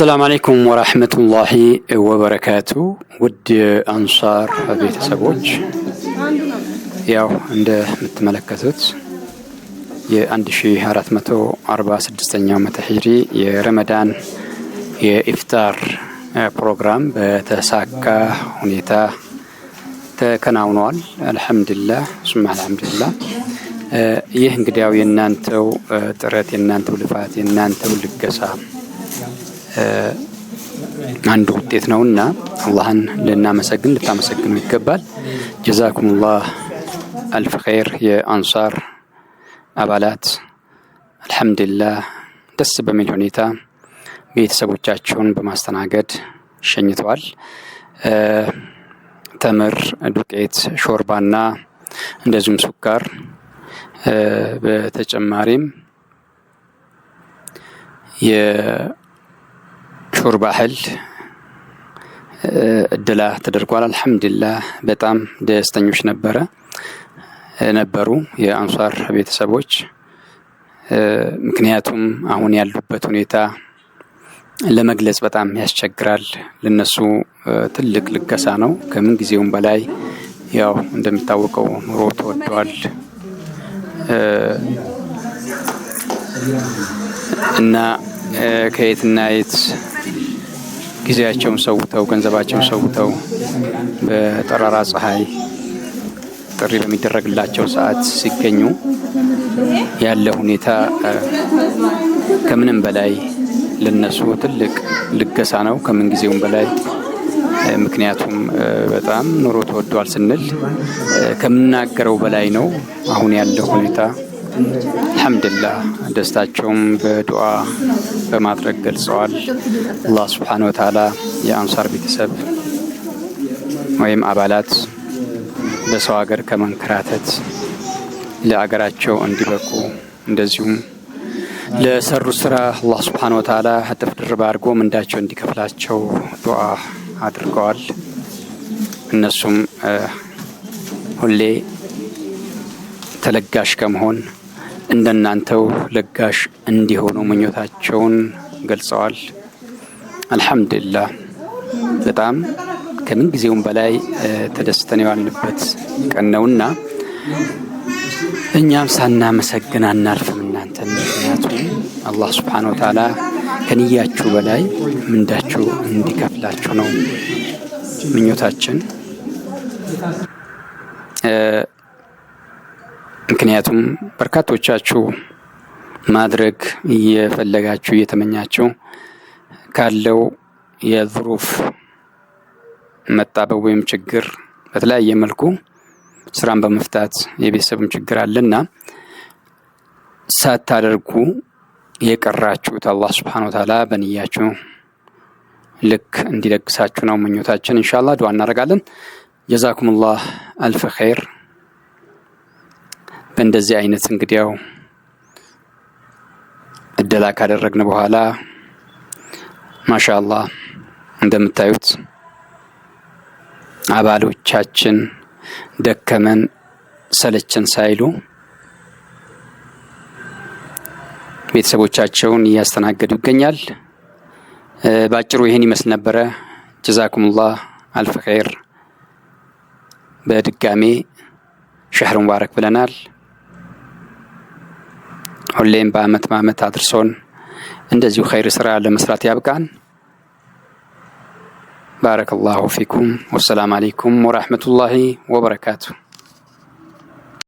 አሰላሙ አለይኩም ወራህመቱላሂ ወበረካቱ። ውድ አንሷር ቤተሰቦች ያው እንደምትመለከቱት የ1446ኛው ዓመተ ሂጅሪ የረመዳን የኢፍጣር ፕሮግራም በተሳካ ሁኔታ ተከናውኗል። አልሐምዱሊላህ ሱማ አልሐምዱሊላህ። ይህ እንግዲያው የእናንተው ጥረት የእናንተው ልፋት የእናንተው ልገሳ አንዱ ውጤት ነውና አላህን ልናመሰግን ልታመሰግኑ ይገባል። ጀዛኩሙላህ አልፍ ኸይር የአንሳር አባላት አልሐምዱሊላህ ደስ በሚል ሁኔታ ቤተሰቦቻቸውን በማስተናገድ ሸኝተዋል። ተምር፣ ዱቄት፣ ሾርባና እንደዚሁም ሱካር በተጨማሪም ሹር ባህል እድላ ተደርጓል። አልሐምዱላ በጣም ደስተኞች ነበረ ነበሩ የአንሷር ቤተሰቦች። ምክንያቱም አሁን ያሉበት ሁኔታ ለመግለጽ በጣም ያስቸግራል። ለነሱ ትልቅ ልገሳ ነው። ከምን ጊዜውም በላይ ያው እንደሚታወቀው ኑሮ ተወደዋል እና ከየትና የት ጊዜያቸውን ሰውተው ገንዘባቸውን ሰውተው በጠራራ ፀሐይ ጥሪ በሚደረግላቸው ሰዓት ሲገኙ ያለ ሁኔታ ከምንም በላይ ለነሱ ትልቅ ልገሳ ነው፣ ከምን ጊዜውም በላይ ምክንያቱም በጣም ኑሮ ተወዷል ስንል ከምናገረው በላይ ነው። አሁን ያለው ሁኔታ አልሐምድላ ደስታቸውም በዱዓ በማድረግ ገልጸዋል። አላህ ስብሓነ ወተዓላ የአንሷር ቤተሰብ ወይም አባላት በሰው ሀገር ከመንከራተት ለአገራቸው እንዲበቁ እንደዚሁም ለሰሩ ስራ አላህ ስብሓነ ወተዓላ እጥፍ ድርብ አድርጎ ምንዳቸው እንዲከፍላቸው ዱዓ አድርገዋል። እነሱም ሁሌ ተለጋሽ ከመሆን እንደናንተው ለጋሽ እንዲሆኑ ምኞታቸውን ገልጸዋል። አልሐምዱሊላ በጣም ከምን ጊዜውም በላይ ተደስተን የዋልንበት ቀን ነውና እኛም ሳናመሰግን አናልፍም እናንተን። ምክንያቱም አላህ ሱብሓነሁ ወተዓላ ከንያችሁ በላይ ምንዳችሁ እንዲከፍላችሁ ነው ምኞታችን። ምክንያቱም በርካቶቻችሁ ማድረግ እየፈለጋችሁ እየተመኛችሁ ካለው የዙሩፍ መጣበብ ወይም ችግር በተለያየ መልኩ ስራን በመፍታት የቤተሰብም ችግር አለና ሳታደርጉ የቀራችሁት አላህ ስብሓነ ወተዓላ በንያችሁ ልክ እንዲለግሳችሁ ነው ምኞታችን። እንሻላ ዱዓ እናደርጋለን። ጀዛኩሙላህ ላህ አልፍ ኸይር በእንደዚህ አይነት እንግዲያው እደላ ካደረግን በኋላ ማሻአላህ እንደምታዩት አባሎቻችን ደከመን ሰለችን ሳይሉ ቤተሰቦቻቸውን እያስተናገዱ ይገኛል። በአጭሩ ይህን ይመስል ነበረ። ጀዛኩሙላህ አልፍ ኸይር። በድጋሜ ሸህር ሙባረክ ብለናል። ሁሌም በአመት በአመት አድርሶን እንደዚሁ ኸይር ስራ ለመስራት ያብቃን። ባረከላሁ ፊኩም ወሰላም አሌይኩም ወራህመቱላሂ ወበረካቱ።